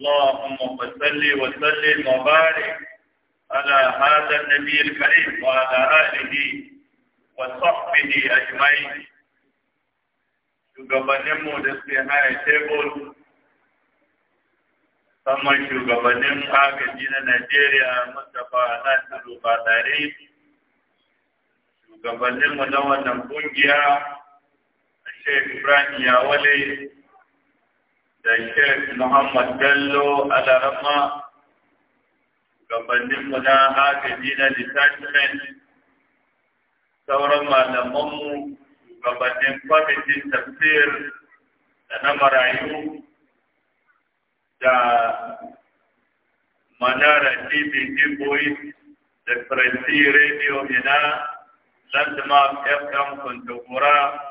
اللهم صل وسلم وبارك على هذا النبي الكريم وعلى آله وصحبه أجمعين shugabanninmu da suke haya tebur saman shugabannin agaji na Najeriya Mustapha Nasiru Badari shugabanninmu na wannan kungiya Sheikh Ibrahim Yawale da Sheikh Muhammad Bello Alarama gabaninmu na agaji na detachment sauran malamanmu gabanin kwamitin tafsir da na marayu da manara tv boys da faransi radio mina landmark fm kwantagora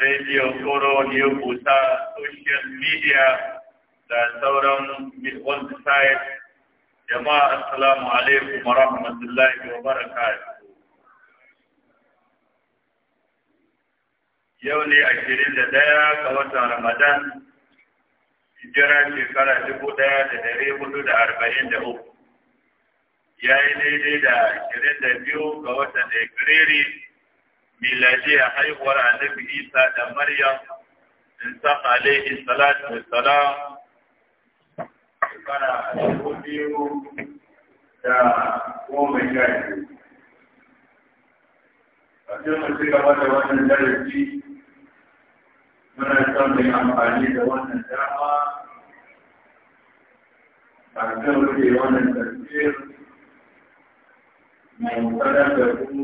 radio tsoro ne kusa social media da sauran website jama'a assalamu alaikum wa rahmatullahi wa barakatuh yau ne a shirin da ɗaya ga watan ramadan jira shekara dubu ɗaya da dari hudu da arba'in da uku ya yi daidai da shirin da biyu ga watan da miladiyar haihuwar annabi isa da maryam isa alaihi salatu wassalam shekara dubu biyu da goma sha biyu a cikin ci gaba da wannan darasi muna son mai amfani da wannan dama a kan rufe wannan tafiyar mai sanar da kuma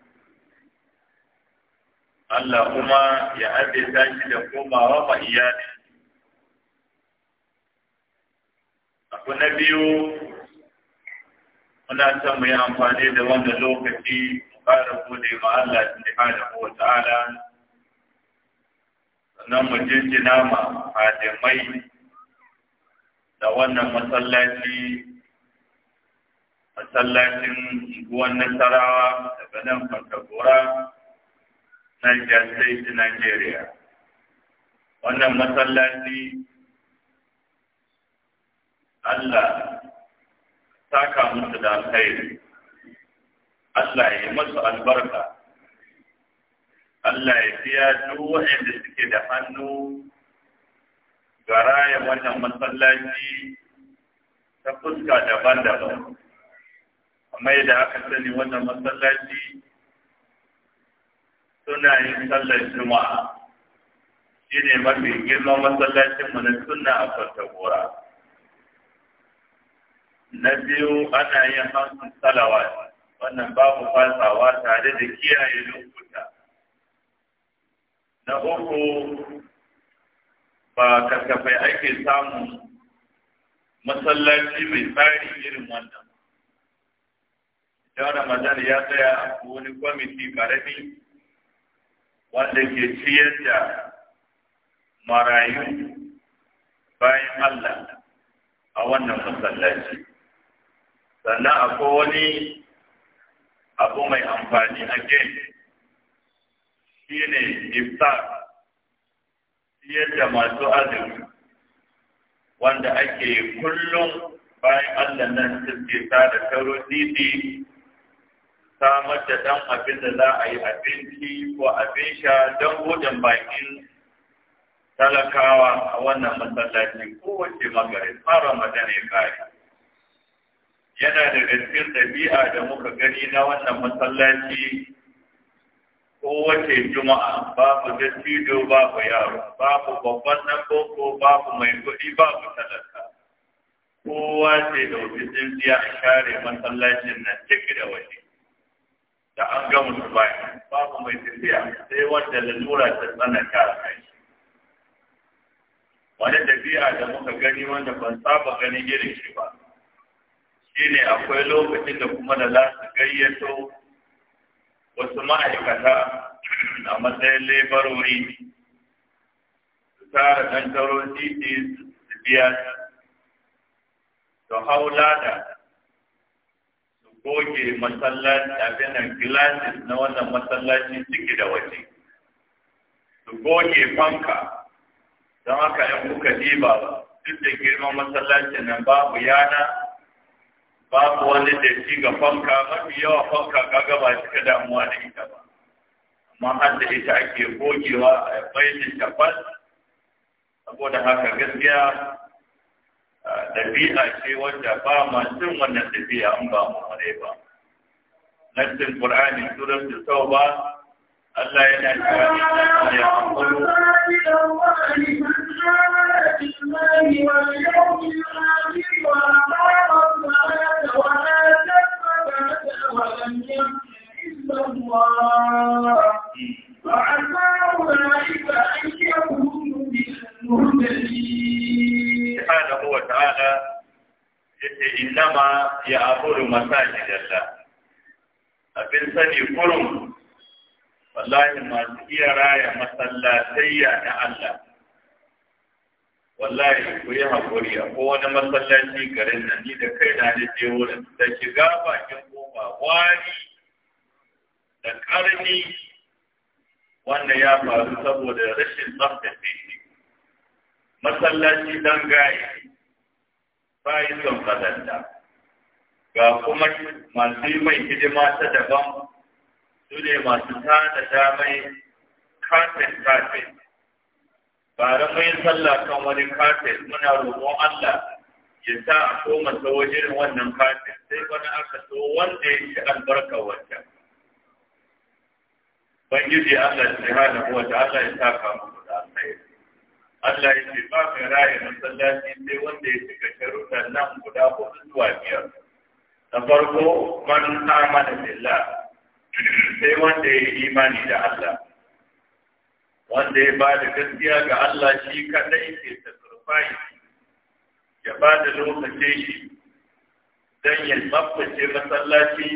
Allah kuma ya azaita shi da komawa ma iyali. Abu na biyu, muna son mu yi amfani da wanda lokaci fara gode ma Allah da kowa ta'ala sannan mu jinjina ma hadimai da wannan masallaci masallacin unguwar Nasarawa daga nan fantagora. Niger State, Nigeria. Wannan masallaci Allah saka musu da alkhairi. Allah ya yi masu albarka. Allah ya biya duk waɗanda suke da hannu ga raya wannan masallaci ta fuska daban-daban. Amma yadda aka sani wannan masallaci suna yin sallar juma'a shi ne mafi girman masallacinmu na suna a gora na biyu ana yin hamsin salawa wannan babu fasawa tare da kiyaye lokuta na uku ba kasafai ake samun masallaci mai tsari irin wannan idan ramadan ya tsaya wani kwamiti karami wanda ke ciyar da marayu bayan Allah a wannan masallaci. Sannan akwai wani abu mai amfani a shi ne iftar ciyar da masu azumi wanda ake kullum bayan Allah nan suke sa da taro didi samar da ɗan abin da za a yi abinci ko abin sha don gudun bakin talakawa a wannan masallaci kowace magarin fara magana ya kare. Yana da gaskiyar ɗabi'a da muka gani na wannan masallaci kowace juma'a babu dattijo babu yaro babu babban na koko babu mai kuɗi babu talaka. Kowa ce da ofisin siya a share masallacin nan ciki da waje. da an ga mutu baya babu mai tafiya sai wanda lalura ta tsananta a kai wani tafiya da muka gani wanda ban saba gani irin shi ba shine akwai lokacin da kuma da za su gayyato wasu ma'aikata a matsayin laborori su tara ɗan taro titi su biya su hau lada goge masallaci abin nan gilasi na wannan masallaci ciki da waje su goge fanka don haka in kuka diba duk da girman masallaci nan babu yana babu wani da ci ga fanka mafi yawa fanka kaga ba cika damuwa da ita ba amma har da ita ake gogewa a bayyana tabbas saboda haka gaskiya ɗabi'a ce wanda ba ma cin wannan ɗabi'a an ba mu mare ba nassin da sau tauba Allah yana cewa ya amuru وعسى أولئك أن يكونوا من المهتدين subhanahu wa ta'ala yace innama ya aburu masajidalla abin sani kurum wallahi masu iya raya masallatayya na Allah wallahi ku yi haƙuri a wani masallaci garin nan ni da kai na da je wurin da shiga bakin koma wani da ƙarni wanda ya faru saboda rashin tsaftace masallaci don gaye bayan son kazanta ga kuma masu yi mai hidima ta daban su ne masu tada damai kafin kafin bare mai sallah kan wani kafin muna roƙon Allah ya sa a koma ta wajen wannan kafin sai wani aka so wanda ya ci albarka wancan. Bangiji Allah subhanahu wata Allah ya saka muku da alkhairi. Allah ya ce ba ka mai na masallaci sai wanda ya cika sharuɗan nan guda hudu zuwa biyar. Na farko man amana billah sai wanda ya yi imani da Allah. Wanda ya ba da gaskiya ga Allah shi kaɗai ke tasirfai ya ba da lokaci shi don ya tsabtace masallaci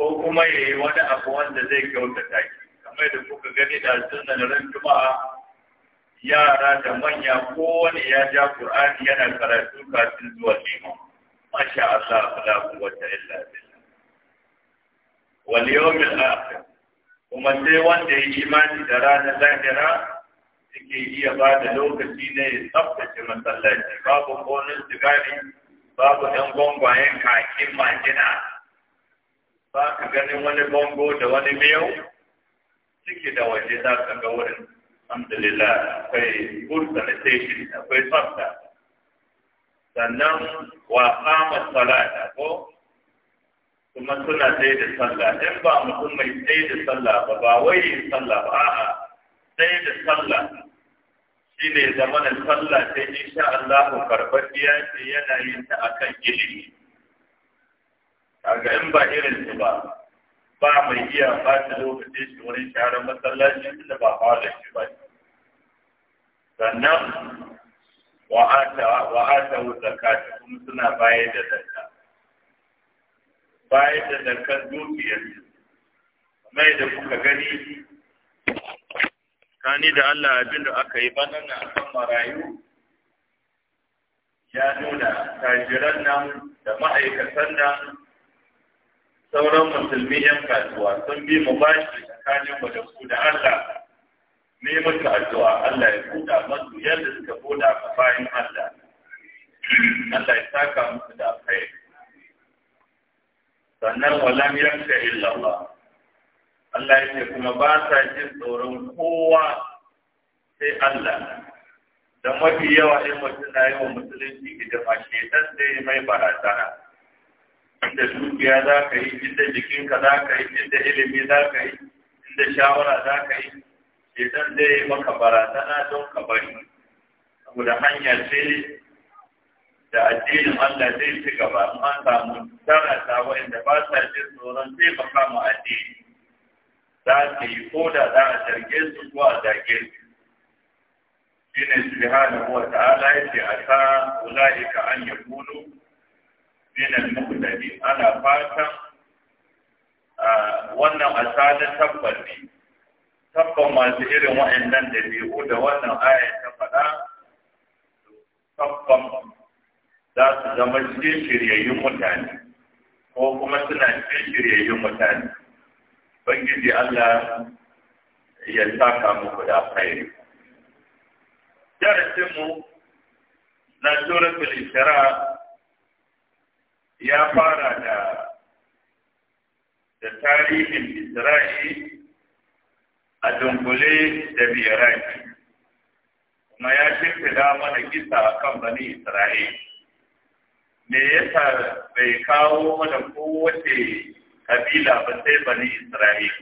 ko kuma ya yi wani abu wanda zai kyautata shi. Kamar da kuka gani da sunan ran Juma'a yara da manya wani ya ja Qur'ani yana karatu kafin zuwa liman masha Allah la quwwata illa billah wal al akhir kuma sai wanda ya imani da ranar lahira suke iya ba da lokaci ne ya tsaftace masallaci babu gonin sigari babu ɗan gwangwayen kakin majina ba ka ganin wani bango da wani miyau ciki da waje za ka ga wurin alhamdulillah akwai akwai tsafta sannan wa kama salata ko kuma suna sai da sallah in ba mutum mai sai da sallah ba ba wai sallah ba a'a sai da sallah shi ne zamanin sallah sai insha Allah karɓaɓɓiya ce yana yin ta akan ilimi kaga in ba irin su ba ba mai iya ba ta lokacin shi wani sharar masallaci da ba fara shi ba shi sannan wa'ata zakata kuma suna bayar da zakka bayar da zakka mai da kuka gani kani da Allah abin da aka yi bana na akan marayu ya nuna tajiran nan da ma'aikatan nan sauran musulmi 'yan kasuwa sun bi mu bashi tsakanin mu da su da Allah ne maka addu'a Allah ya buɗa masu yadda suka buɗa bayan Allah Allah ya saka musu da kai sannan walam yanka illa Allah Allah ya ce kuma ba sa jin tsoron kowa sai Allah da mafi yawa in mutum na yi wa musulunci hidima shetan zai mai barazana inda dukiya za ka yi inda jikinka za ka yi inda ilimi za ka yi inda shawara za ka yi idan zai maka barazana don ka bari saboda hanya ce da addinin Allah zai ci gaba Amma samu tarata waɗanda ba sa jin tsoron zai baka mu addini za su yi ko da za a zarge su ko a zarge su shi ne subhanahu wa ta'ala a asa ulaika an yakunu min al-muhtadin ana fatan wannan asalin tabbas ne tabban masu irin wa'annan ɗabi'u da wannan aya ta faɗa tabban za su zama cikin shiryayyun mutane ko kuma suna cikin shiryayyun mutane bangiji Allah ya saka muku da khairi mu na suratul isra ya fara da da tarihin Isra'i a dunkule da biyaraki kuma ya dama mana kisa a kan bani isra'il me yasa bai kawo mana kowace kabila ba sai bani isra'il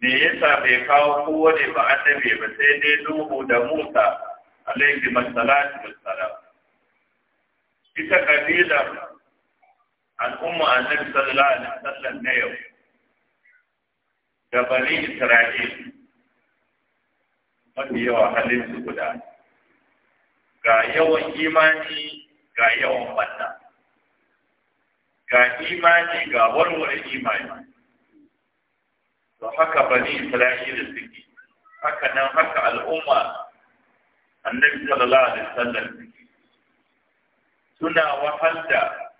me yasa bai kawo kowane ba annabi ba sai dai nuhu da musa alaihi masalatu wassalam ita kabila al'umma annabi sallallahu alaihi wasallam na yau Da bani Isra'il mafi yawa halin su guda ga yawan imani ga yawan banna ga imani ga warware imani to haka bani Isra'il suke haka nan haka al'umma annabi sallallahu alaihi wasallam suna wahalda da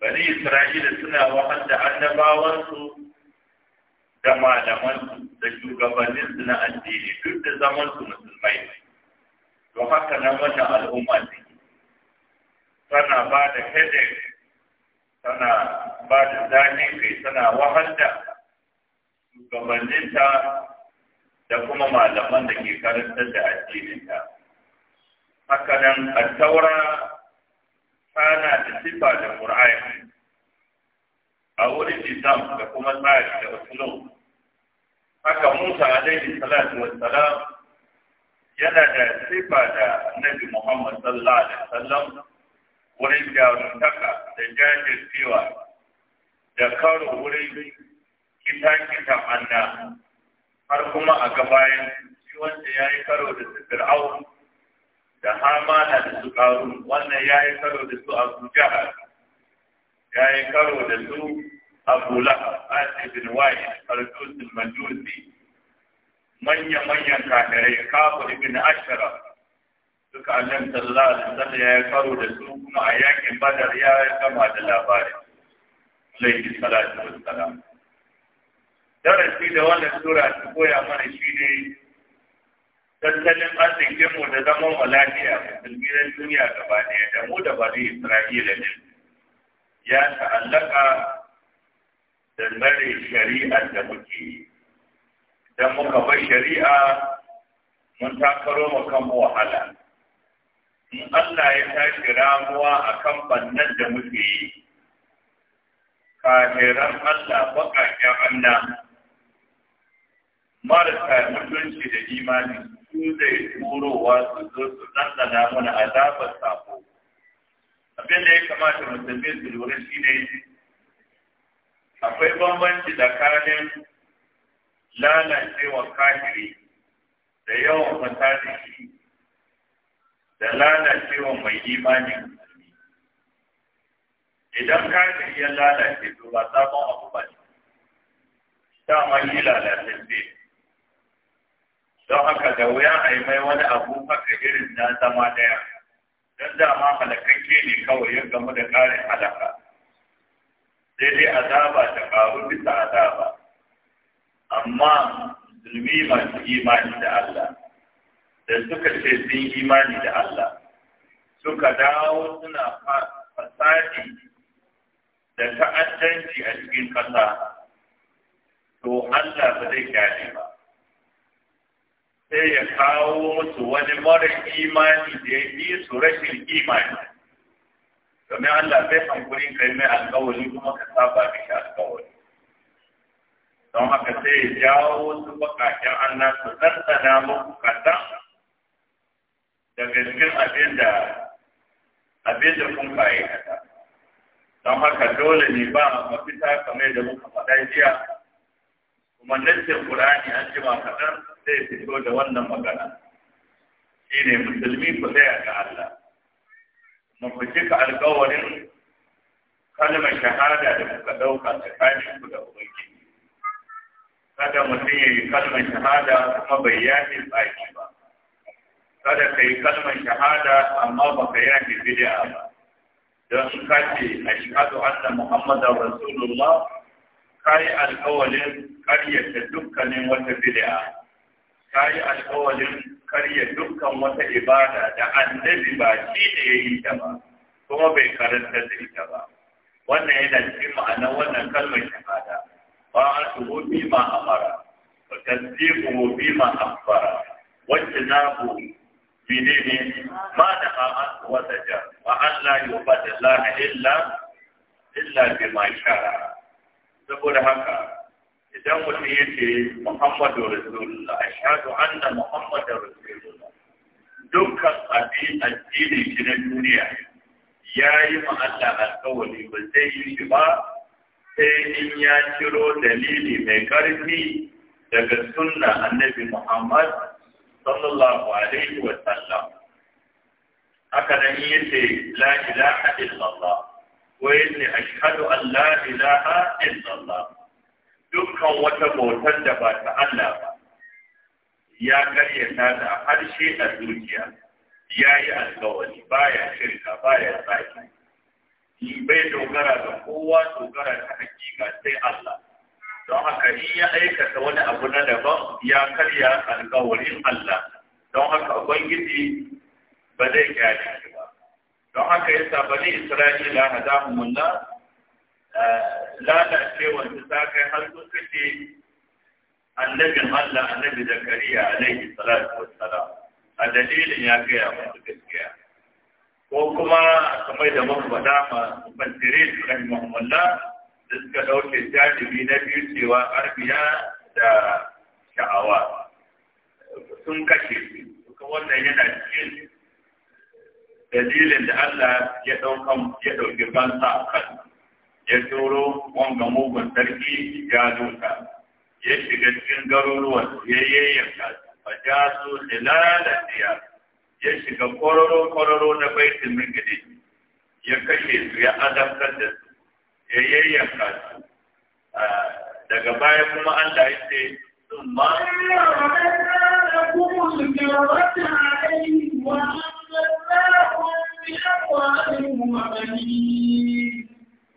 bani Isra'il suna wahal da annabawansu da malaman da shugabannin su na addini duk da zaman su musulmai to haka nan wata al'umma ne tana ba da hedek tana ba da zafi kai tana wahal da shugabanninta da kuma malaman da ke karantar da addininta haka nan a taura tana da sifa da ƙur'ani a wurin islam da kuma tsari da wasu haka musa alaihi salatu wa salam, yana da sifa da annabi muhammad sallallahu alaihi wasallam wurin jarumtaka da jajircewa da karo wurin kita-kita anna har kuma a gabayan shi wanda ya yi karo da su fir'aun da hamana da su karu wannan ya yi karo da su abu jihar ya yi karo da su abu lahab asibin bin al-dus majusi manya-manyan kafirai kafir ibn ashara duka annabi sallallahu alaihi wasallam ya yi karo da su kuma a yakin badar ya yi kama da labarin alaihi salatu wassalam darasi da wannan sura ta koya mana shine tattalin arzikinmu da zaman mu a cikin duniya gaba ɗaya da mu da bari Isra'ila ne ya ta'allaka da tsare shari'a da muke yi. Idan muka bar shari'a mun takaro mu wahala. In Allah ya tashi ramuwa a kan bannan da muke yi, kafiran Allah baƙaƙen Allah marasa mutunci da imani su zai turowa su zo su ɗanɗana mana azabar sabo. abin da ya kamata musulmi su lura shi ne akwai bambanci tsakanin lalacewa kafiri da yawan fata da lalacewa mai imanin idan kafiri ya lalace to ba sabon abu ba ne dama shi don haka da wuya a yi mai wani abu haka irin na zama daya don dama halakakke ne kawai ya gamu da ƙarin halaka sai dai azaba ta faru bisa azaba amma musulmi masu imani da Allah da suka ce sun imani da Allah suka dawo suna fasadi da ta'addanci a cikin ƙasa to Allah ba zai kyale ba sai ya kawo musu wani mara imani da ya yi su rashin imani domin Allah sai hankulin kai mai alkawari kuma ka saba shi alkawari don haka sai ya jawo su bakakken Allah su tsantsana muku kaɗan daga cikin abin da abin da kun kaye kaɗan don haka dole ne ba a mafita kamar da muka faɗa jiya kuma nassin Qur'ani an jima kaɗan zai fito da wannan magana shi ne musulmi ku tsaya ga Allah mu ku cika alƙawarin kalmar shahada da kuka ɗauka tsakanin ku da ubangiji kada mutum ya yi kalmar shahada kuma bai yaƙi tsaki ba kada ka yi kalmar shahada amma ba ka yaƙi ba don su ka ce ashhadu Allah Muhammadu rasulullah kai alƙawarin ƙaryata dukkanin wata bidiya. ta yi alkawalin karya dukkan wata ibada da annabi ba shi ne ya yi ta ba kuma bai karanta da ita ba wannan yana cikin ma'anar wannan kalmar shahada ba a tuhu bi ma amara wa tasdiquhu bi ma akhbara na ku bi ne ma da a wata wa taja wa alla yubadala illa illa bi ma shara saboda haka idan mutum ya ce Muhammadu Rasulullah ashhadu anna Muhammadu Rasulullah dukkan abin addini shi na duniya ya yi ma Allah alƙawari ba zai yi shi ba sai in ya ciro dalili mai ƙarfi daga sunna annabi Muhammad sallallahu alaihi wa sallam haka nan yace la ilaha illallah ko yace ashhadu an la ilaha illallah dukkan wata bautar da ba ta Allah ba ya karyata da harshe a zuciya ya yi alkawari baya shirka ya tsaki bai dogara da kowa dogara ta hakika sai Allah don haka ni ya aikata wani abu na daban ya karya alkawarin Allah don haka ubangiji ba zai kyale shi ba don haka yasa bani Isra'ila hadahu lalacewar da ta kai har sun kashe annabin Allah annabi Zakariya alaihi salatu wassalam a dalilin ya gaya masu gaskiya ko kuma kamar da muka faɗa ma mufassirin rahimahumullah da suka ɗauke jajibi na biyu cewa arbiya da sha'awa sun kashe su duka wannan yana cikin dalilin da Allah ya ɗauki fansa a kansu ya tsoro wanga mugun sarki ya duka ya shiga cikin garuruwan ya yayyanka a ja su lalaciya ya shiga kwararo-kwararo na baitin mingidi ya kashe su ya azabtar da su ya yayyanka su ah, daga baya kuma Allah ya ce sun ma وأنزلناهم بأموالهم وبنين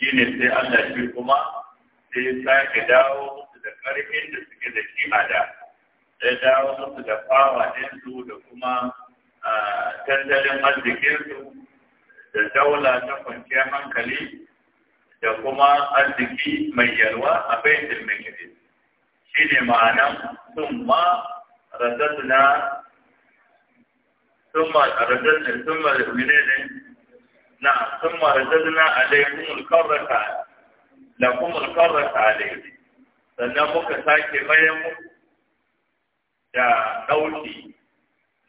shi ne sai Allah shi kuma sai ya sake dawo musu da ƙarfin da suke da shi a da Sai dawo musu da fawa ɗinsu da kuma tattalin arzikinsu da daula ta kwanciyar hankali da kuma arziki mai yalwa a baitul maqdis shi ne ma'anan summa radadna summa radadna summa ne. na sun marzazna da alkarrata lakum a dai, sannan muka sake bayan da ɗauki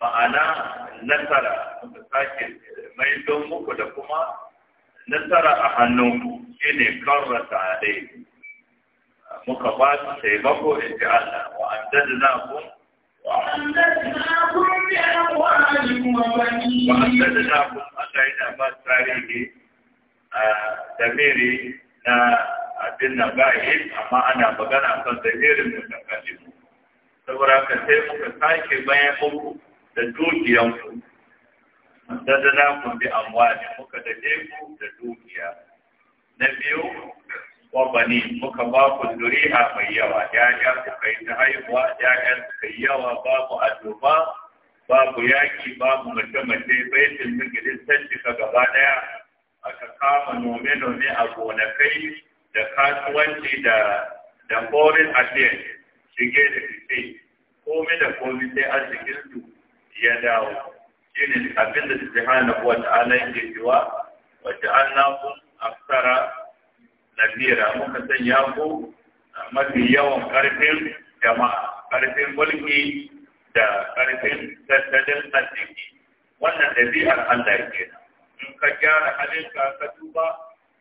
ma'ana nasara muka sake mai don muku da kuma nasara a hannunku shi ne karrata dai. muka ba su taimako in ji Allah na kuma وأمددناكم بأموالكم وبنين tarihi a بالتاريخ na abin nan ba amma ana magana kan zahirin saboda ka sai muka sake bayan uku da na kun bi amwali muka da da dukiya na biyu wa bani muka ba ku mai yawa ya'ya suka kai ta haihuwa yayan suka kai yawa babu ba, babu yaki babu mace-mace baitin migidin cika gaba daya aka kama nome-nome a gonakai da kasuwanci da da foreign shige da fice komai da komai sai su ya dawo shine abin da ji hana wa ta'ala yake cewa wa annabun aksara nabiyar muka sanya ku mafi yawan karfin jama'a karfin mulki da karfin tattalin arziki wannan ɗabi'ar Allah ke in ka gyara halin ka duba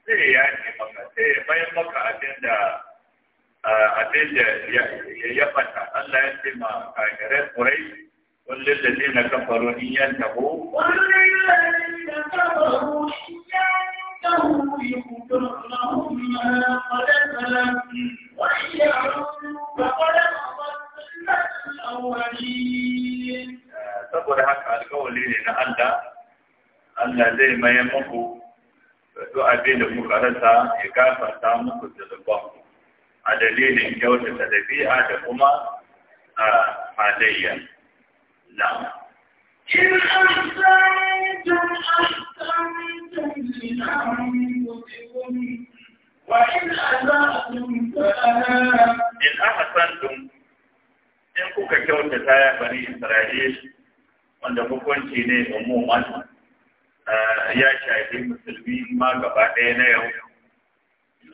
sai ya ce maka sai ya bayan maka abin da abin da ya fata Allah ya ce ma kagirar kurai kullum da zai na kafaro in yan taho kullum da zai na kafaro in yan taho yi kudurin ما saboda haka alkawali ne na Allah Allah zai maye muku duk abin da kuka rasa ya ta muku da zuba, a dalilin kyautata dabi'a da kuma a halayya na إن أحسنتم أحسنتم لأنفسكم وإن أسأتم فلها إن in kuka kyautata ya bari Isra'il wanda hukunci ne umuman ya shafi musulmi ma gaba ɗaya na yau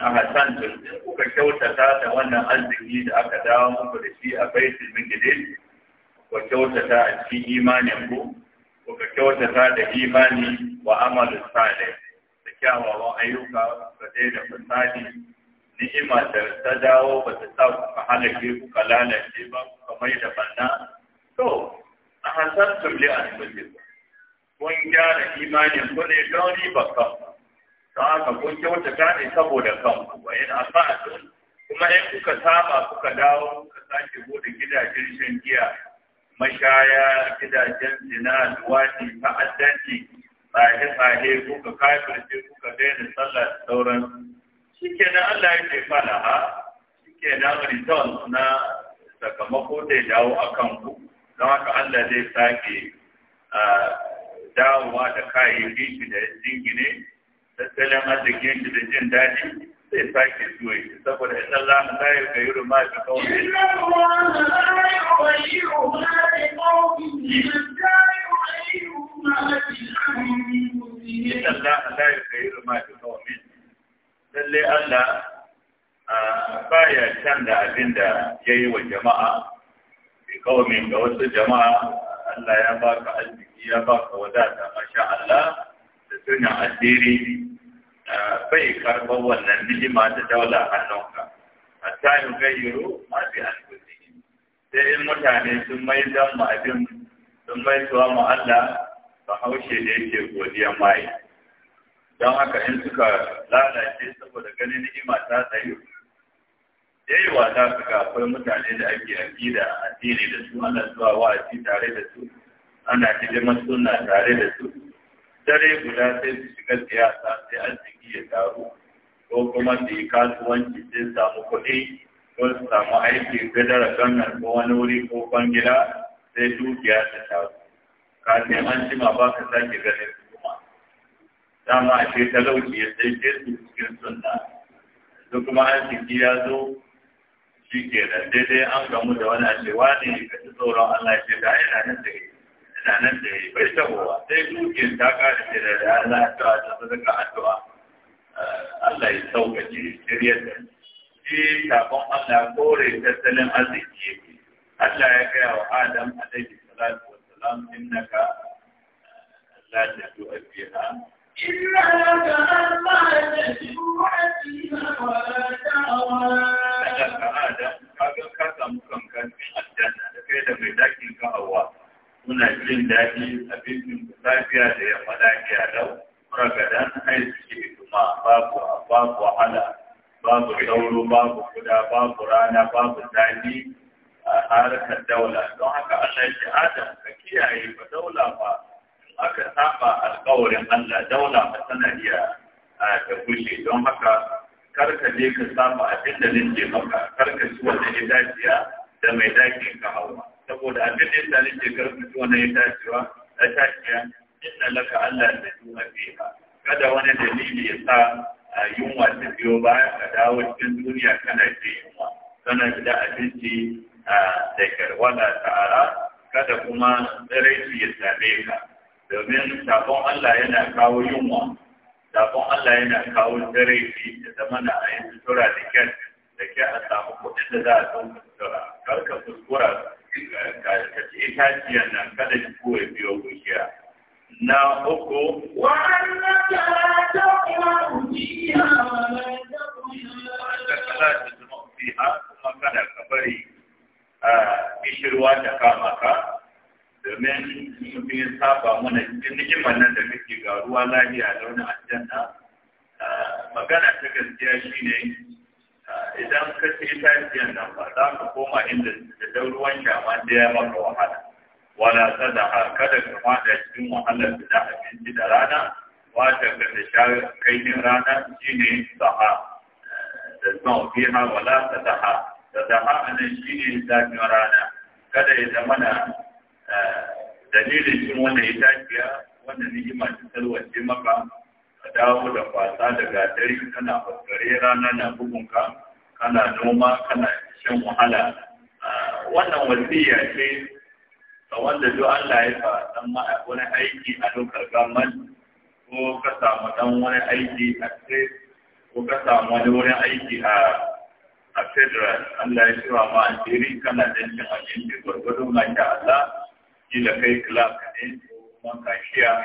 a Hassan in kuka kyautata da wannan arziki da aka dawo muku da shi a baitul maqdis ku kyautata a cikin imanin ku kuka kyautata da imani wa amalu salih kyawawan ayyuka ka da fasadi ni'ima da ta dawo ba ta sa ku ka halake ku ka lalace ba ku ka mai da banna to a hasar tumli a nufin kun gyara imanin ku ne don riba kan don haka kun kyauta gane saboda kanku wa yin asa'atun kuma in kuka saba kuka dawo kuka sake bude gidajen shan giya mashaya gidajen zina luwadi ta'addanci tsaye-tsaye kuka kafirce kuka daina sallah da sauran shi na Allah ya ce ha shi na result na sakamako da ya dawo a kanku don haka Allah zai sake dawowa da kayayyakin shi da jingine tattalin arzikin shi da jin daɗi zai sake zuwa shi saboda in Allah na zai ga yuri ma ta kawai. Allah inna Allah la yughayyiru ma Allah baya canza abin da yayi wa jama'a bi ga wasu jama'a Allah ya baka arziki ya baka wadata masha Allah da sunan addini bai da daula hannunka hatta yughayyiru ma sai in mutane sun mai abin sun mu Allah haushe da yake godiya mai don haka in suka lalace saboda ganin ni'ima ta tsayo yayi wata suka akwai mutane da ake akida addini da su ana zuwa wa'azi tare da su ana hidimar suna tare da su dare guda sai su shiga siyasa sai arziki ya taru ko kuma su yi kasuwanci sai samu kuɗi ko su samu aiki gadara gangan ko wani wuri ko bangida sai dukiya ta taru kafin an jima ba ka sake ganin su kuma dama a ce talauci ya ke su cikin sunna da kuma an ya zo shi ke da daidai an gamu da wani ashe wani ka ci tsoron Allah ce da ina nan da ina nan da bai tabowa sai dukiyar ta kare ce da da Allah ya tawa ta sadaka addu'a eh, Allah ya saukace shiryar da shi tafin Allah kore tattalin arziki Allah ya gaya wa Adam a alaihi salatu الأرض إنك لا تجوء فيها إنك لا تجوء فيها ولا ka da kai da mai dakin ka muna jin daɗi abincin ku da yamma lafiya lau ragadan aiki kuma babu babu wahala babu sauro babu kuda babu rana babu daɗi harkar daula don haka Allah ya adam ka kiyaye ba daula ba aka saba alƙawarin Allah daula ba tana iya ta gushe don haka karka je ka saba abin da nake maka karka ci wanda ya da mai dakin ka hawa saboda abin da yasa nake karka ci wanda ya da daciya inna laka Allah da duna fiha kada wani dalili ya sa yunwa ta biyo baya ka dawo cikin duniya kana ce yunwa kana da abinci da karwala ta'ala kada kuma tsiraici ya same ka domin sabon Allah yana kawo yunwa sabon Allah yana kawo tsiraici da zama na a yi sutura da kyar da kyar a samu kuɗin da za a samu sutura kar ka kuskura ka ci itaciyar nan kada ki koya biyo bushiya na uku wa'annan da ta kuma fiha wa la ta kuma fiha kuma kada ka bari kishirwa ta kama ka domin mutum ya saba mana cikin ni'imar nan da kake ga ruwa lafiya da wani aljanna magana ta gaskiya shine idan ka ce itaciyar nan ba za ka koma inda da ruwan shama da ya maka wahala wala sadaha kada ka fada cikin wahalar da abinci da rana wata ka ta sha kai rana shine saha da zan fiha wala sadaha da zama a nan shi ne zafin rana kada ya zama na eh, dalilin cin wanda ya tafiya wanda ima ta salwace maka ka dawo da kwasa da gatari kana faskare rana na bugunka kana noma kana shan wahala ah, wannan wasiya ce ga wanda duk Allah ya fa dan wani aiki a lokar gamman ko ka samu dan wani aiki a ko ka samu wani aiki a a federal Allah ya cewa ma alheri kana da cin abinci gwargwado ma sha Allah da kai ka ne ko kuma ko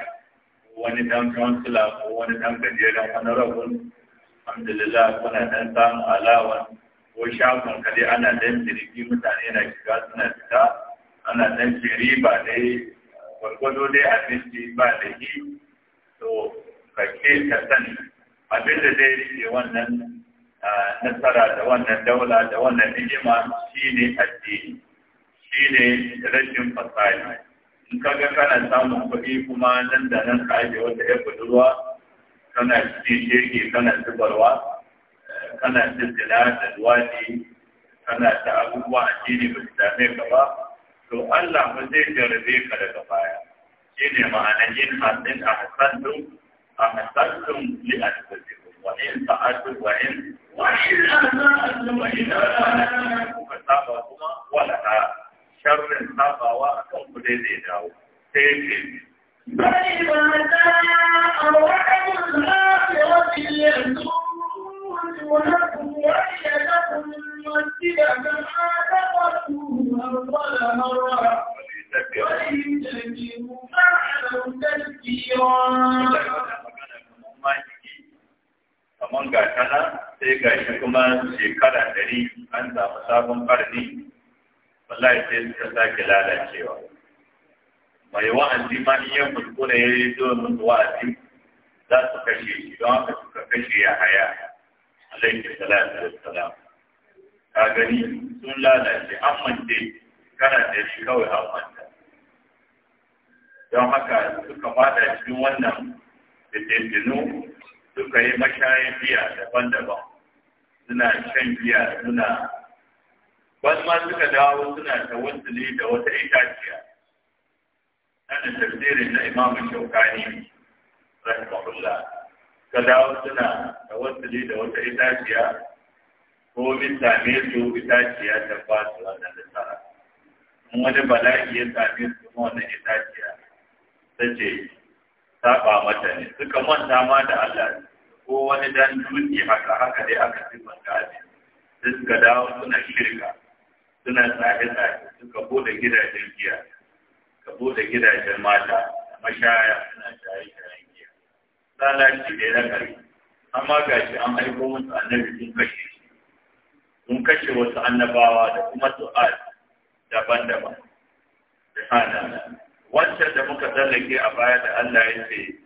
wani dan councilor ko wani dan gajeren wani rabon alhamdulillah kuna dan samun alawan ko shagon ka dai ana dan jirgi mutane na shiga suna fita ana dan jiri ba dai gwargwado dai abinci ba da yi to ka ke ka sani abin da dai ke wannan nasara da wannan daula da wannan shi ne addini shi shine rashin fasali in ka ga kana samun kuɗi kuma nan da nan ka aje wata ya budurwa kana cikin shege kana zubarwa kana zina da duwati kana ta abubuwa addini ba su dame ka ba to Allah ba zai jarabe ka daga baya shine ma'ana yin hasin a hasantum a hasantum li وإن فعلت وإن وإن أمأت وإن فسابهما ولها شر سابه وأكم بليدي داو سيدي فإذا جاء وعد الآخرة يسوس ولكم وهي لكم مسجدا ما تقدموا أول مرة وليتكبروا فاعلوا تكبيرا kamar ga tana sai ga shi kuma shekara dari an samu sabon ƙarni wallahi sai suka sake lalacewa mai wa'azi ma in ya kuskure ya yi domin wa'azi za su kashe shi don haka suka kashe ya haya alaikin salatu Salam. ka gani sun lalace an mance kana shi kawai an manta don haka suka fada cikin wannan da suka yi mashayin biya daban-daban suna shan biya suna wasu ma suka dawo suna tawassuli da wata itaciya nan tafsirin na imamu shaukani rahimahullah suka dawo suna tawassuli da wata itaciya ko min same su itaciya ta ba su da nasara in wani bala'i ya same su kuma wannan itaciya ta ce saba mata ne suka manta ma da Allah ko wani dan dutse haka haka dai aka siffanta a cikin sun suka dawo suna shirka suna tsaye-tsaye suka bude gidajen giya ka bude gidajen mata mashaya suna shaye-shayen giya lalaci dai na kare amma ga shi an aiko musu annabi sun kashe sun kashe wasu annabawa da kuma su'ad daban-daban da hana wancan da muka tsallake a baya da Allah ya ce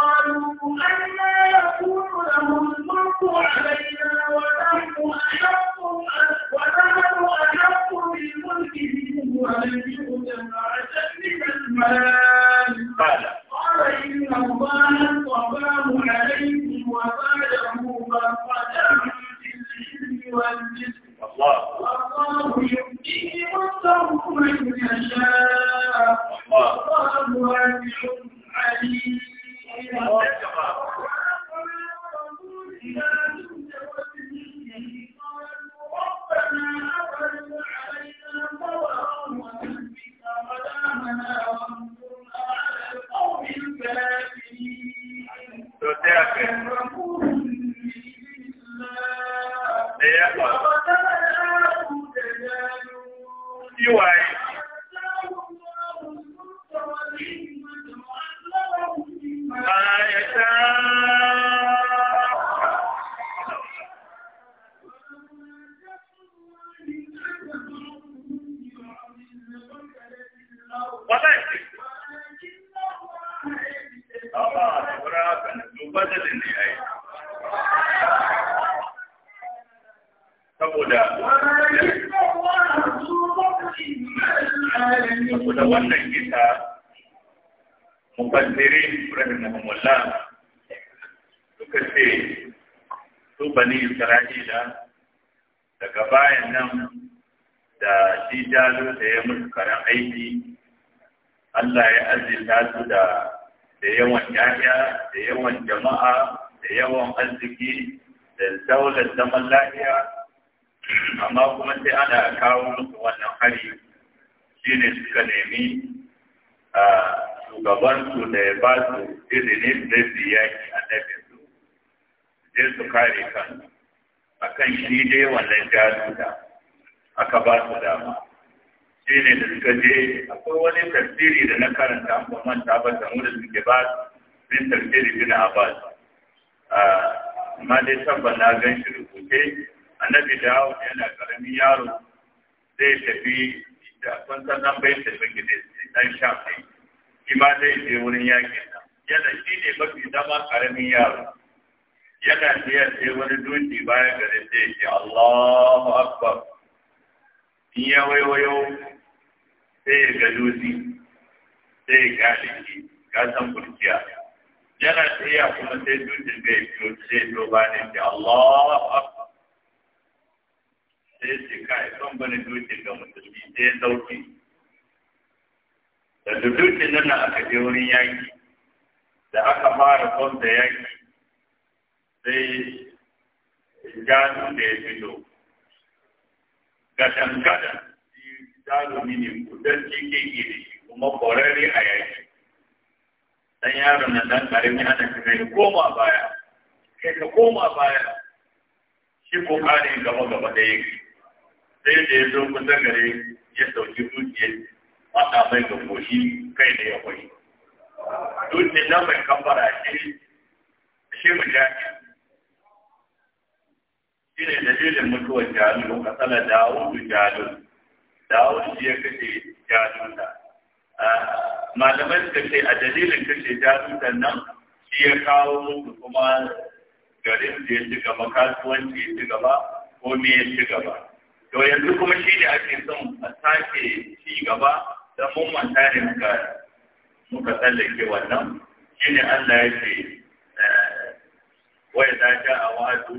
قالوا أنا يكون له الملك علينا ونحن أحق ونحن amma kuma sai ana kawo musu wannan hari shi ne suka nemi a shugabansu da ya ba su izini da su yaki a su sai su kare kan a kan shi dai wannan jaruda aka ba su dama shi ne da suka je akwai wani tafsiri da na karanta an manta ba da da suke ba sun tafsiri bin abbas amma dai tabbata na gan shi rubuce annabi da yana karamin yaro zai tafi da kun san nan bai tafi gida dan shafi shi ma zai je wurin yakin nan yana shi ne mafi zama karamin yaro yana siya sai wani duki bayan gari sai ce Allahu Akbar in ya waiwayo sai ga dutse sai ga shi ka san kurciya yana siya kuma sai dutse bai fito sai to ba ne Allahu Akbar sai ce kai son bane dokin ga musulmi sai ya dauke da dokin nan aka je wurin yaki da aka fara son da yaki sai gano da ya fito gadan gadan yaro mini kudan cike gidi kuma kwararre a yaki dan yaro na dan karimi ana kai ya koma baya kai ka koma baya shi kokarin gaba gaba da yake sai da ya zo kusa gare ya sauki dutse wata mai ga koshi kai da ya kwai dutse na mai kambara shi shi mu jaki shi ne dalilin mutuwar jalu a tsala dawudu jalu dawudu shi ya kashe jalu da ah, malamai suka ce a dalilin kashe jalu da nan shi ya kawo mutu kuma garin da ya ci gaba kasuwanci ya ci gaba ko me ya ci gaba to yanzu kuma shi ne ake son a sake ci gaba da mun manta ne muka muka tsallake wannan shi ne Allah ya ce eh, wai ta ja a wa'adu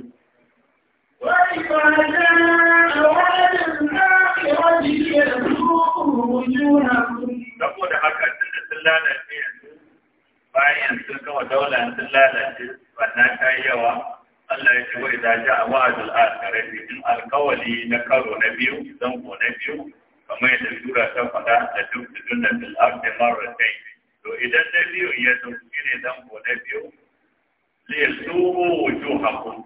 wai ta ja a wa'adun na'irati yanzu saboda haka tunda sun lalace yanzu bayan sun kawo daula sun lalace wannan ta yi yawa Allah ya ce wa idan ja wa'adul akhirati in alkawali na karo na biyu zan ko na biyu kamar yadda sura ta fada da duk dunna fil ardi marratayn to idan na biyu ya zo ne zan ko na biyu zai tsoro wujuhakum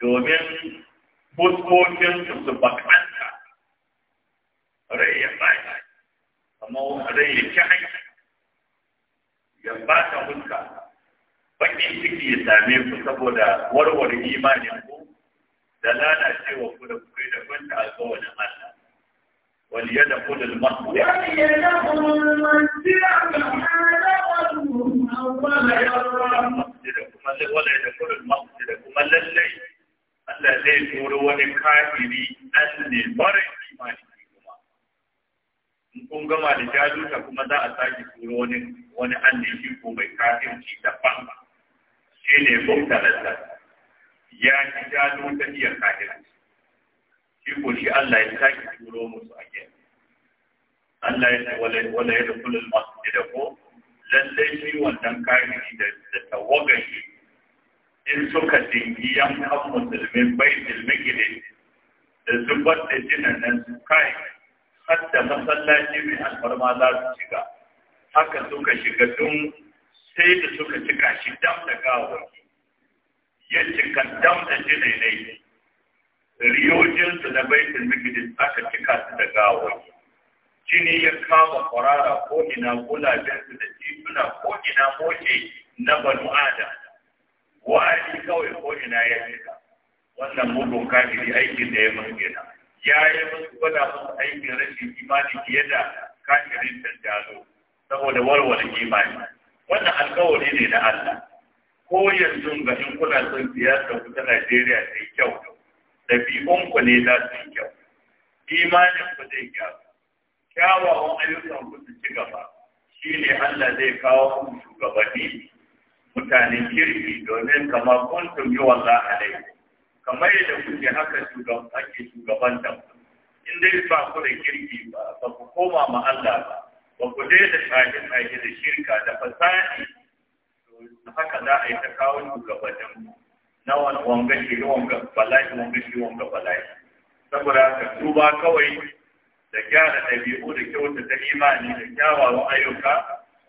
domin fuskokin su su bakanta rai ya bai kamar rai ya ci hanya ya ba ta fuska bakin ciki ya same ku saboda warware imanin ku da lalacewa ku da kuka yi da kwanta alƙawarin Allah wal yada kulul masu ya yada kulul masu ya ma'ana da kuma lallai Allah zai turo wani kafiri an ne mara imani in kun gama da jajuta kuma za a sake turo wani wani shi ko mai kafirci daban ba shi ne ya ci gano ta iya kafirci shi ko shi Allah ya sake turo musu a gina Allah ya ce wala ya dukkan masu da ko lallai shi wannan kafiri da tawagar shi in suka dingi yan kan musulmin bai ilmi da zubar da jinan nan su kai har da masallaci mai alfarma za su shiga haka suka shiga tun sai da suka cika shi dam da gawar ya cika dam da jinai riyojinsu da baitin aka cika su da gawawaki jini ya kama kwarara ko ina jinsu da tituna ko ina moke na banu adam wari kawai ko ina ya cika wannan mugun kafiri aikin da ya mangina ya yi musu gwada musu aikin rashin imani fiye da kafirin tanjalo saboda warware imani wannan alkawari ne na Allah ko yanzu ga in kuna son siyasa ku ta Najeriya ta yi kyau ɗabi'un ku ne za su kyau imanin ku zai gyaru kyawawan ayyukan ku su ci gaba Shi ne Allah zai kawo ku shugabanni mutanen kirki domin kama kuntum yi a dai kamar yadda kuke haka shugaban ake shugaban da in dai ba ku da kirki ba ba ku koma ma Allah ba ba ku da tsage-tsage da shirka da fasadi haka za a yi ta kawo mu. na wani wanga shi wanga bala'i wanga shi wanga bala'i saboda ka tuba kawai da gyara ɗabi'u da kyauta ta imani da kyawawan ayyuka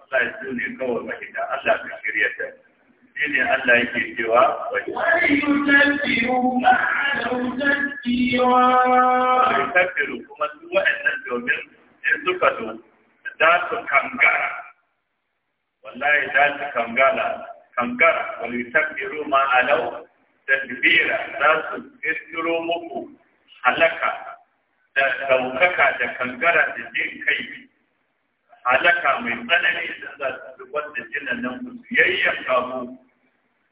Allah ya su ne kawai mahita Allah ka shirya ta shi ne Allah yake cewa wani yuzabbiru ma'alauzabbiwa yuzabbiru kuma su waɗannan domin in suka zo za kangara wallahi za su kangala kankara wani tabbiru ma alau tadbira za su kirkiro muku halaka da daukaka da kankara da jin kai halaka mai tsanani da za su zubar da jinan nan ku su yayyanka mu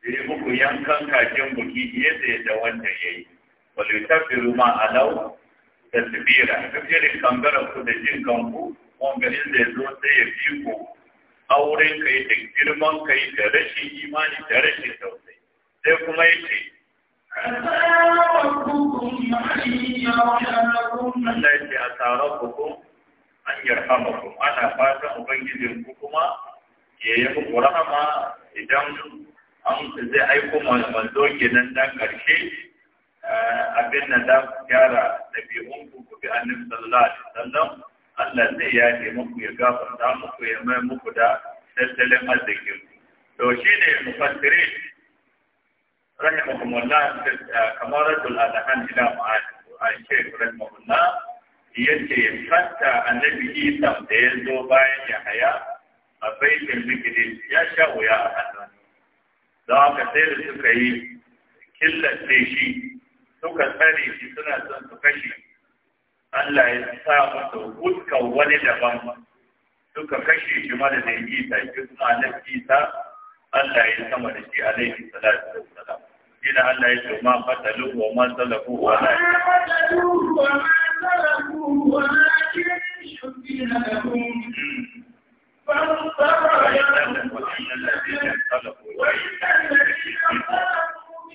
da yi muku yankan kajin buki yadda da wanda ya yi wani tabbiru ma alau tadbira duk irin kankaran ku da jin kanku wangarin da ya zo sai ya fi ko auren kai da girman kai da rashin imani da rashin tausayi sai kuma ya ce Allah ya ce a tsaron hukum an yarhama ku ana fatan ubangijin ku kuma ya yi muku rahama idan an zai aiko manzo kenan dan karshe eh, abin nan za ku gyara ɗabi'unku ku bi annabi sallallahu alaihi wasallam Allah zai yaje muku ya gafarta muku ya mai muku da tattalin arzikin to shi ne mufassirin rahimahumullah kamar Abdul alahan ila ma'ani A ce rahimahullah yace hatta annabi Isa da ya zo bayan ya haya a baitin likidin ya sha wuya a hannun don haka sai da suka yi killace shi suka tsare shi suna son su kashe Allah ya sa masa huskan wani daban suka kashe shi mana da Isa shi kuma na Isa Allah ya sama da shi alaihi salatu wassalam shine Allah ya ce ma fatalu wa ma salafu wa la fatalu wa ma salafu wa la shubbiha lahum فانصبر يا wa وإن الذين اختلفوا وإن الذين اختلفوا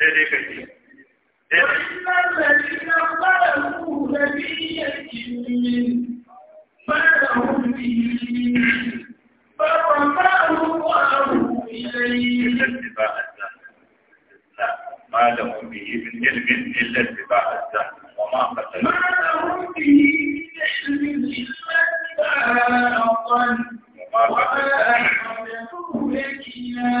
sai dai kai والذين ظلموا ما لهم به فرفعه الله إليه ما لهم به من علم إلا اتباع السهل وما قتلوا ما لهم به من علم إلا اتباع الظن وما قتلوا يكينا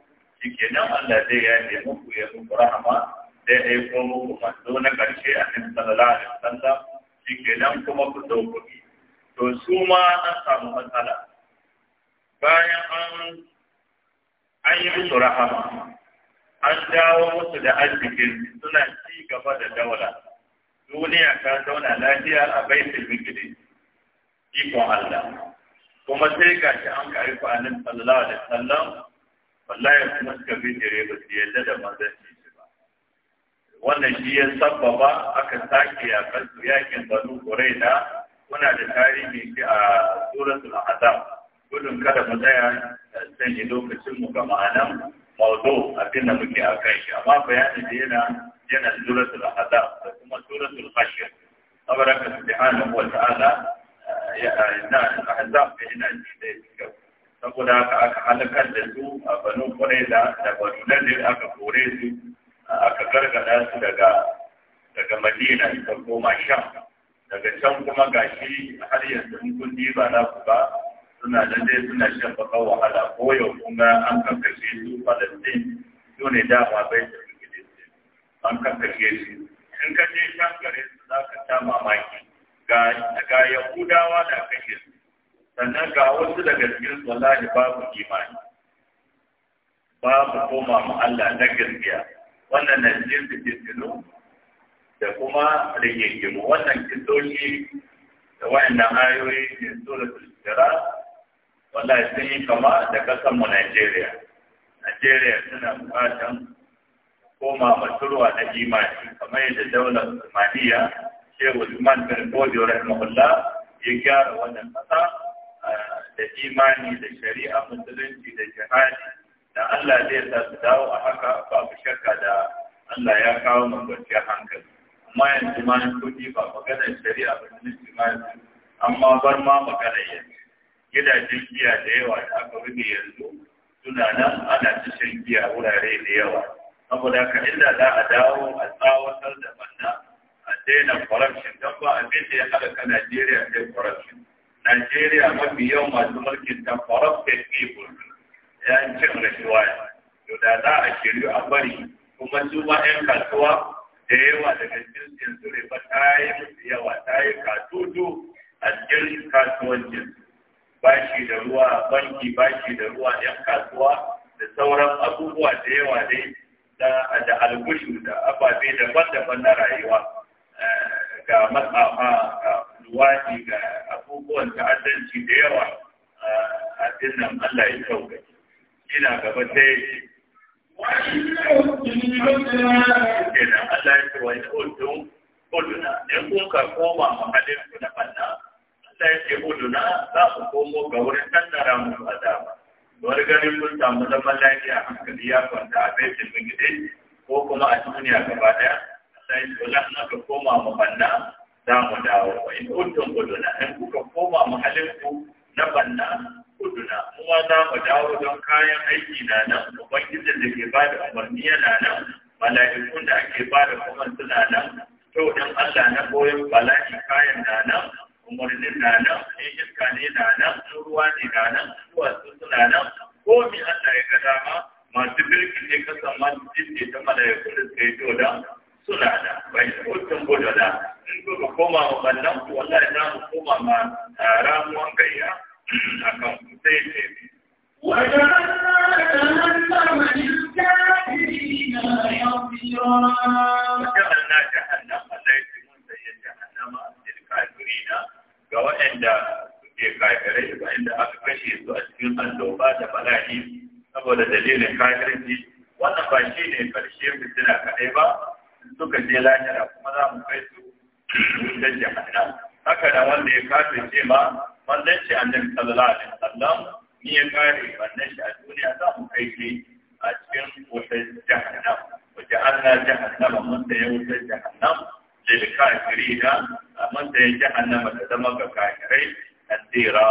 shi nan Allah zai ya ne muku ya muku rahama zai ko muku manzo na karshe a nan sallallahu alaihi wasallam shi nan kuma ku zo kuɗi to su ma an samu matsala bayan an an yi musu rahama an dawo musu da arzikin suna ci gaba da daula duniya ta zauna lafiya a baitul maqdis ikon Allah kuma sai shi an ka aiko annabi sallallahu alaihi wasallam wallahi kuma suka bijire ba su yadda da manzanci shi ba wannan shi ya sabbaba aka sake yakan su yakin banu quraida muna da tarihi shi a suratul azab gudun kada mu tsaya sanya lokacin mu ga ma'anan mawdu abin da muke a kai shi amma bayanin da yana yana suratul azab da kuma suratul hashr tabaraka subhanahu wa ta'ala ya na azab da yana da shi saboda aka aka halakar da su a banu kwarai da da nan da aka kore su aka gargada su daga daga madina ta koma sham daga can kuma gashi har yanzu in kun diba na ku ba suna nan dai suna shan baka wahala ko yau kuma an kankashe su falastin su ne dama bai su filistin an kankashe su in ka je shan gare su za ka ta mamaki ga yahudawa da kashe su sannan ga wasu daga cikin wallahi babu imani babu koma mu Allah na gaskiya wannan na jinsu jinsu da kuma rigingimu wannan kisoshi da wayannan ayoyi ne suratul isra wallahi sun yi kama da kasan mu Najeriya Najeriya suna bukatan koma maturwa na imani kamar yadda daular Usmaniya Shehu Usman bin Bodo rahimahullah ya gyara wannan ƙasa. da imani da shari'a musulunci da jihadi da Allah zai sa su dawo a haka babu shakka da Allah ya kawo mu kwanciyar hankali amma yanzu ma kuɗi ba magana shari'a musulunci ma amma bar ma maganar yanzu gidajen giya da yawa da aka rufe yanzu suna nan ana cikin giya wurare da yawa saboda haka inda za a dawo a tsawatar da manna a daina corruption don ba abin da ya haɗa ka Najeriya sai corruption Najeriya mafi yawan masu mulkin ta corrupted people ya cin rashuwa to da za a shirya a bari kuma su ma 'yan kasuwa da yawa daga cikin zure ba ta yi musu yawa ta yi katutu a cikin kasuwancin shi da ruwa banki bashi da ruwa 'yan kasuwa da sauran abubuwa da yawa dai da albushu da ababe daban-daban na rayuwa eh, ga matsafa ga luwaɗi ga abubuwan ta'addanci da yawa a dinnan Allah ya sauka ina gaba sai kenan Allah ya ce wa yudun uduna ne kun ka koma mahallin ku na banna Allah ya ce uduna za ku komo ga wurin tattara musu azaba wani ganin mun samu zaman lafiya hankali ya kwanta a baitin mingide ko kuma a duniya gaba daya Allah ya ce wala na ka koma mabanna za mu dawo wa in kuntum uduna in kuka koma ku na banna uduna kuma kuma za mu dawo don kayan aiki na nan ubangijin da ke bada umarni yana nan mala'ikun da ake bada kuma suna nan to dan Allah na koyon bala'i kayan na nan umarnin na nan in iska ne na nan ruwa ne na nan su suna nan ko mi Allah ya ga dama masu birkin ne kasan jirgin ta mala'ikun da suka yi to da suna da bai hutun gudu da in kuka koma wa wannan ku wallahi za mu koma ma ramuwan gayya a kan ku sai ce وجعلنا جهنم ليس من سيد جهنم للكافرين وعند كافرين وعند أكفشي وأسفين da فلاحي saboda dalilin kafirci wannan ba shi ne karshe fitina kaɗai ba suka je lahira kuma za mu kai su wutar jahannam haka da wanda ya kasa ce ma manzanci annabi sallallahu alaihi wasallam ni ya kare wannan shi a duniya za mu kai shi a cikin wutar jahannam wace Allah jahannama mun da ya wutar jahannam lil kafirina mun da ya jahannama da zama ga kafirai asira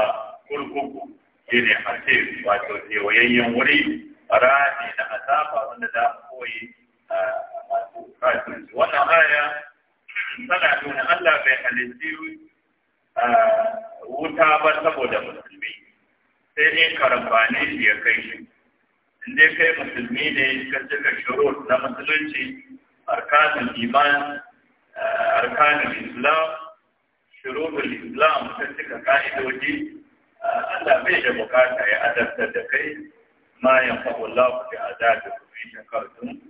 kurkuku shine asir wato yawayayyen wuri rani na azaba wanda za a koyi wannan aya tana nuna Allah bai halitti ah, wuta ba saboda musulmi sai dai karambane shi ya kai shi inda kai musulmi ne ka cika shuru na musulunci arkanul iman ah, arkanul islam shururul islam ka cika ka'idoji ah, Allah bai da bukata ya adabta da kai ma yanfa'u Allah bi azabi fi shakartum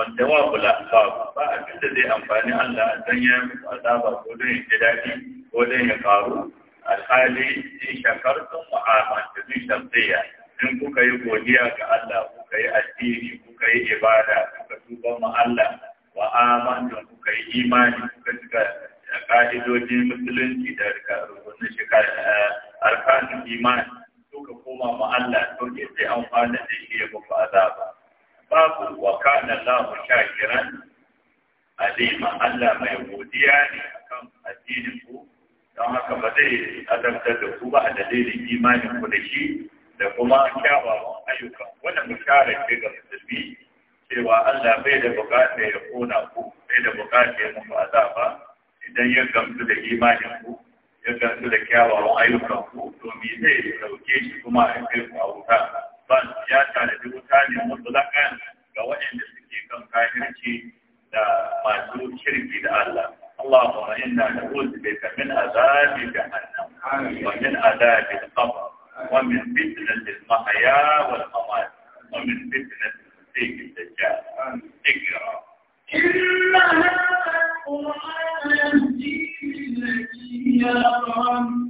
wanda wa kula ba ba abin da zai amfani Allah dan ya azaba ko don ya ji daɗi ko don ya faru alhali in shakartum wa amantum shartiya in kuka yi godiya ga Allah kuka yi addini kuka yi ibada kuka tuba ma Allah wa kuka yi imani kuka cika ka'idojin musulunci da rukunin shiga eh, arkanin imani kuka koma ma Allah to sai amfani da shi ya muku azaba babu wa kana Allahu shakiran alima Allah mai godiya ne akan addinin ku don haka ba zai azabtar da ku ba a dalilin imanin ku da shi da kuma kyawawan ayyuka wannan bishara ce ga musulmi cewa Allah bai da bukata ya kona ku bai da bukata ya muku azaba idan ya gamsu da imanin ku ya gamsu da kyawawan ayyukan ku to me zai dauke shi kuma a kai ku a wuta rabban ya tanadi wuta ne mutlaqan ga waɗanda suke kan kafirci da masu shirki da Allah اللهم إنا نعوذ بك من عذاب جهنم ومن عذاب القبر ومن فتنة المحيا والممات ومن فتنة المسيح الدجال اقرأ إن هذا القرآن يهدي للتي هي أقوم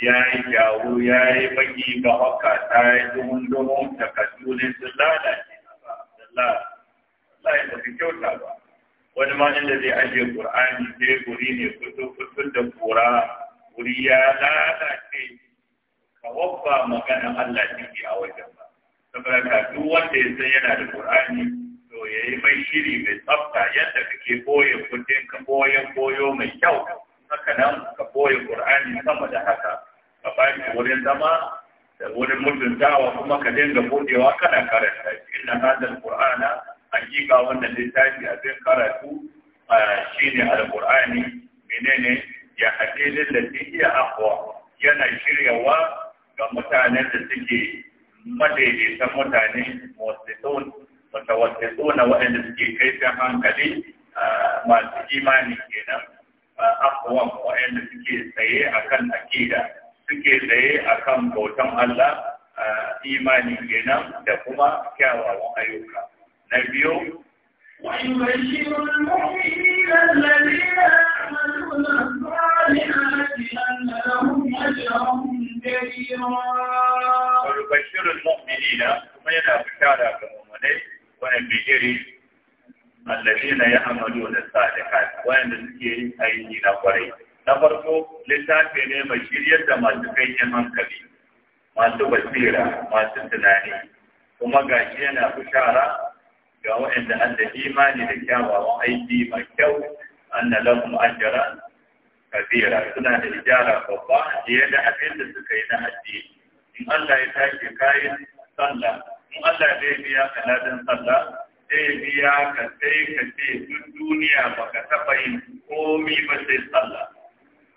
ya yi yayi ya yi baki ga haka ta yi duhun ta da kasulin sun lalace Allah ya tafi kyauta ba wani ma inda zai ajiye Qur'ani sai guri ne fito fito da kura guri ya lalace ka wabba magana Allah ciki a wajen ba saboda ka duk wanda ya san yana da Qur'ani to yayi mai shiri mai tsafta yadda kake boye kudin ka boye boyo mai kyau haka nan ka boye Qur'ani sama da haka ka baki wurin zama da wurin mutuntawa kuma ka dinga budewa kana karanta shi inna hadal qur'ana hakika wannan littafi abin karatu shine alqur'ani menene ya hade da iya aqwa yana shiryawa ga mutanen da suke madaidaita mutane mawasitun mutawassituna waɗanda suke kai hankali masu imani kenan akwam waɗanda suke tsaye a kan akida suke tsaye a kan bautan Allah a imani da kuma kyawawan ayyuka. Na biyu, Wani bashirun mu'minina lalina a manuna zuwa ne a cikin da kuma yana ga alladina ya'maluna salihat wayanda suke yin aiki na kwarai na farko littafi ne mai shiryar da masu kayan hankali masu basira masu tunani kuma gashi yana bishara ga waɗanda an da imani da kyawawan aiki mai kyau an na lahum ajran kabira suna da ijara babba fiye da abin da suka yi na addini in Allah ya tashi kayan sallah in Allah zai biya kaladin sallah zai biya ka sai ka ce duk duniya ba ka taɓa yin komi ba sai sallah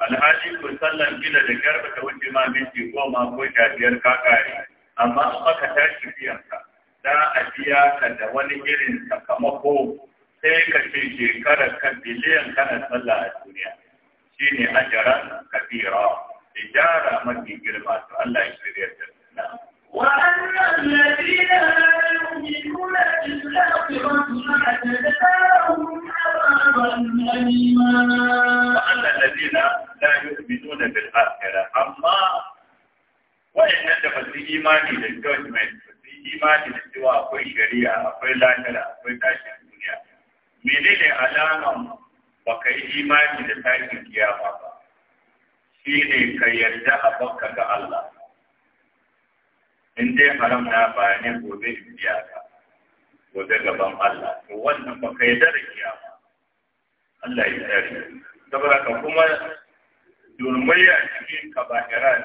alhali ko sallan gida da garba ta wuce ma minti goma ko sha biyar ka kare amma ba ka tashi biyanka za a biya ka da wani irin sakamako sai ka ce shekarar ka biliyan kana sallah a duniya shi ne ajara kabira ijara mafi girma to Allah ya shirya da وأن الذين لا يؤمنون بالآخرة أعتدنا لهم عذابا أليما وأن الذين لا يؤمنون بالآخرة أما وإن دخل في إيماني للجوجمنت في إيماني للسوى شريعة أقوي لاجرة أقوي الدنيا menene alaman baka yi imani da tashin kiyama ba shi ne ka yarda a bakka ga Allah in dai haram na ba ne gobe in biya ka gobe gaban Allah to wannan ba kai da ba Allah ya tsare saboda ka kuma durmai a cikin kabairan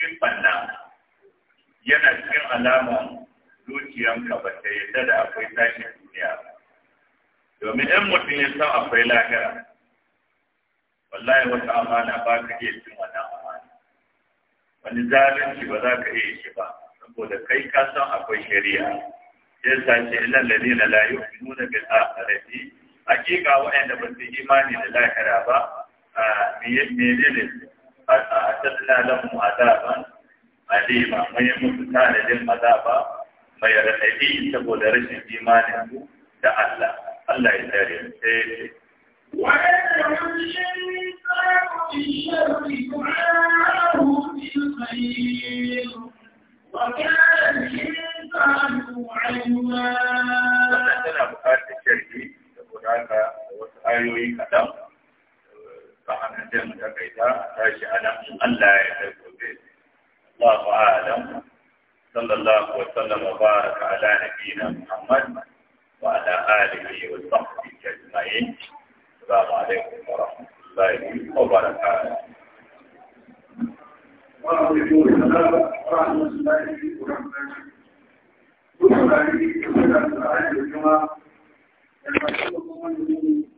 cikin banna yana cikin alama ka ba ta yadda da akwai tashin duniya domin ɗan mutum ya san akwai lahira wallahi wata amana ba ka iya cin wannan amana wani zalunci ba za ka iya shi ba da kai ka san akwai shari'a ya ce ilal ladina la yu'minuna bil akhirati hakika waɗanda ba su imani da lahira ba ne menene atadna lahum adaban alima mun yi musu tanadin azaba mai raɗaɗi saboda rashin imani da Allah Allah ya tare mu sai ya ce وَيَدْعُو وكان tana bukatar sharhi saboda haka wasu ayoyi kaɗan sa'anan zai a tashi a nan in Allah ya wa sallam ala Muhammad wa ala wa rahmatullahi wa barakatuh Thank you.